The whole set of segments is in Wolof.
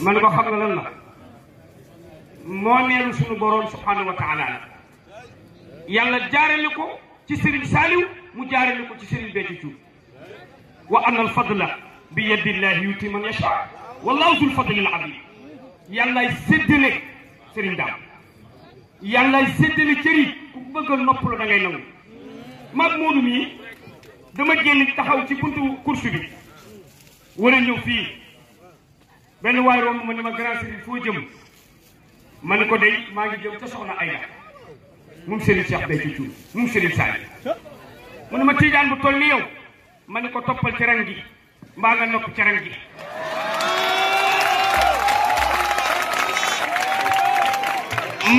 ma ne ko xam nga la moo neelu suñu boroom subhanahu wa taala yàlla jaarale ko ci Serigne Saliou mu jaarale ko ci Serigne Béthio Thioune wa anna al fadla bi yadillahi yuti man yasha wallahu zul fadlil azim yàllaay séddale Serigne Dame yàllaay séddale cëri ku bëgg a noppalu da ngay nangu maag Moodu mii dama génn taxaw ci buntu course bi wala ñëw benn waay romb ma ne ma grand Serigne foo jëm ma ne ko de maa ngi jëm ca soxna Ayda moom Serigne Cheikh Béthio ci Thioune moom Serigne Saliou mu ne ma tiijaan bu toll ma ne ko toppal ci rang gi mbaa nga nokk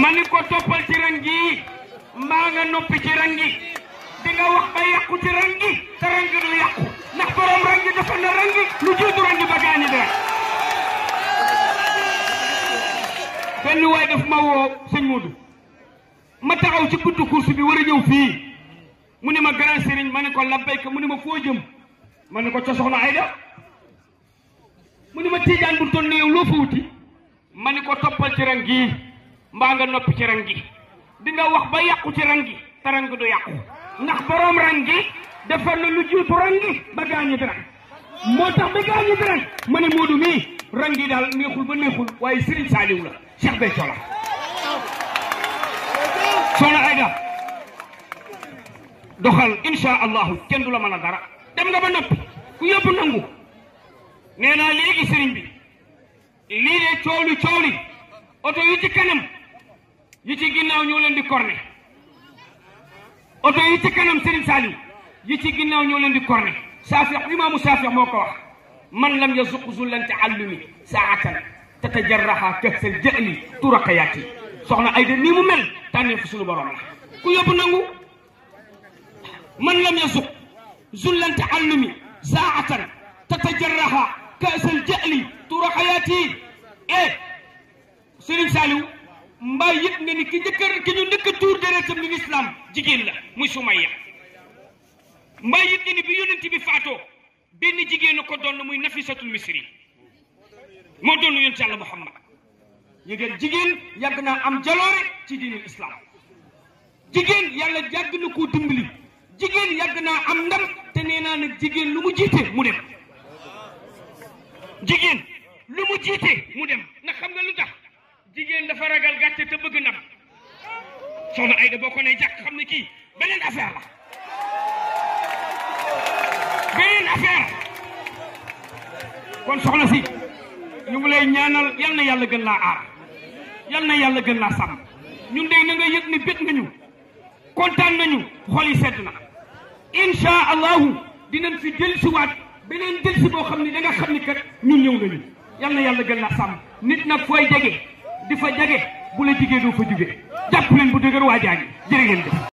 ma ne ko toppal gi mbaa noppi ci rang gi di nga wax ba ci rang gi te du yàqu ndax borom rang gi dafa na rang gi lu jiitu ba gaañu dara benn waay daf ma woo sëñ Modou ma taxaw ci buntu course bi war a ñëw fii mu ne ma grand sëriñ ma ne ko labbayka mu ne ma foo jëm ma ne ko ca soxna Ayda mu ne ma tiijaan bu toll nii yow loo fa wuti ma ne ko toppal ci rang gi mbaa nga noppi ci rang gi di nga wax ba yàqu ci rang gi te rang gi du yàqu ndax borom rang gi defar na lu jiitu rang gi ba gaañu moo tax ba gaañu dara ma ne Modou mii. ren gi daal neexul ba neexul waaye Serigne Saliou la Cheikh Béthio la soxna Aida doxal insha allahu kenn du la mën a dara dem nga ba noppi ku yëpp nangu nee naa léegi sëriñ bi lii de cooli cooli oto yi ci kanam yi ci ginnaaw ñoo leen di corné oto ci kanam Serigne Saliou yi ci ginnaaw ñoo leen di corné imaamu Saafi moo ko man lam yasuq zullan taallumi saatan tatajarraha kahsal jahli turaqayaati soxna Ayda nii mu mel tànnee fu suñu borom la ku yóbbu nangu man lam yasuq zullan taallumi saatan tatajarraha kahsal jahli turaqayaati eh Serigne Saliou mbaa yëpp nga ni ki njëkk ki ñu njëkk a tuur deretam lislaam jigéen la muy Sumayya mbaa yëpp nga ni bi yonent bi faatoo benn jigéenu ko doon muy nafisatul misri moo doon yonent yàlla muhammad yëgal jigéen yàgg naa am jaloore ci diinul islam jigéen yàlla yàgg na koo dimbali jigéen yàgg naa am ndam te nee naa nag jigéen lu mu jiite mu dem jigéen dem ndax xam na lu tax jigéen dafa ragal gàcce te bëgg ndam soxna Ayda boo ko nee jàkk xam ne kii beneen affaire la beneen affaire kon soxna si ñu ngi lay ñaanal yal na yàlla gën laa aar yal na yàlla gën laa sàmm ñun de na nga yëg ni bét nga kontaan nañu xol yi sedd na incha allahu dinañ fi jël si waat beneen jël si boo xam ni da nga xam ni kat ñun ñëw nañu yal na yàlla gën laa sàmm nit nag fooy jege di fa jege bu la jigee doo fa jugee jàpp bu dëgër waa ngi jërë ngeen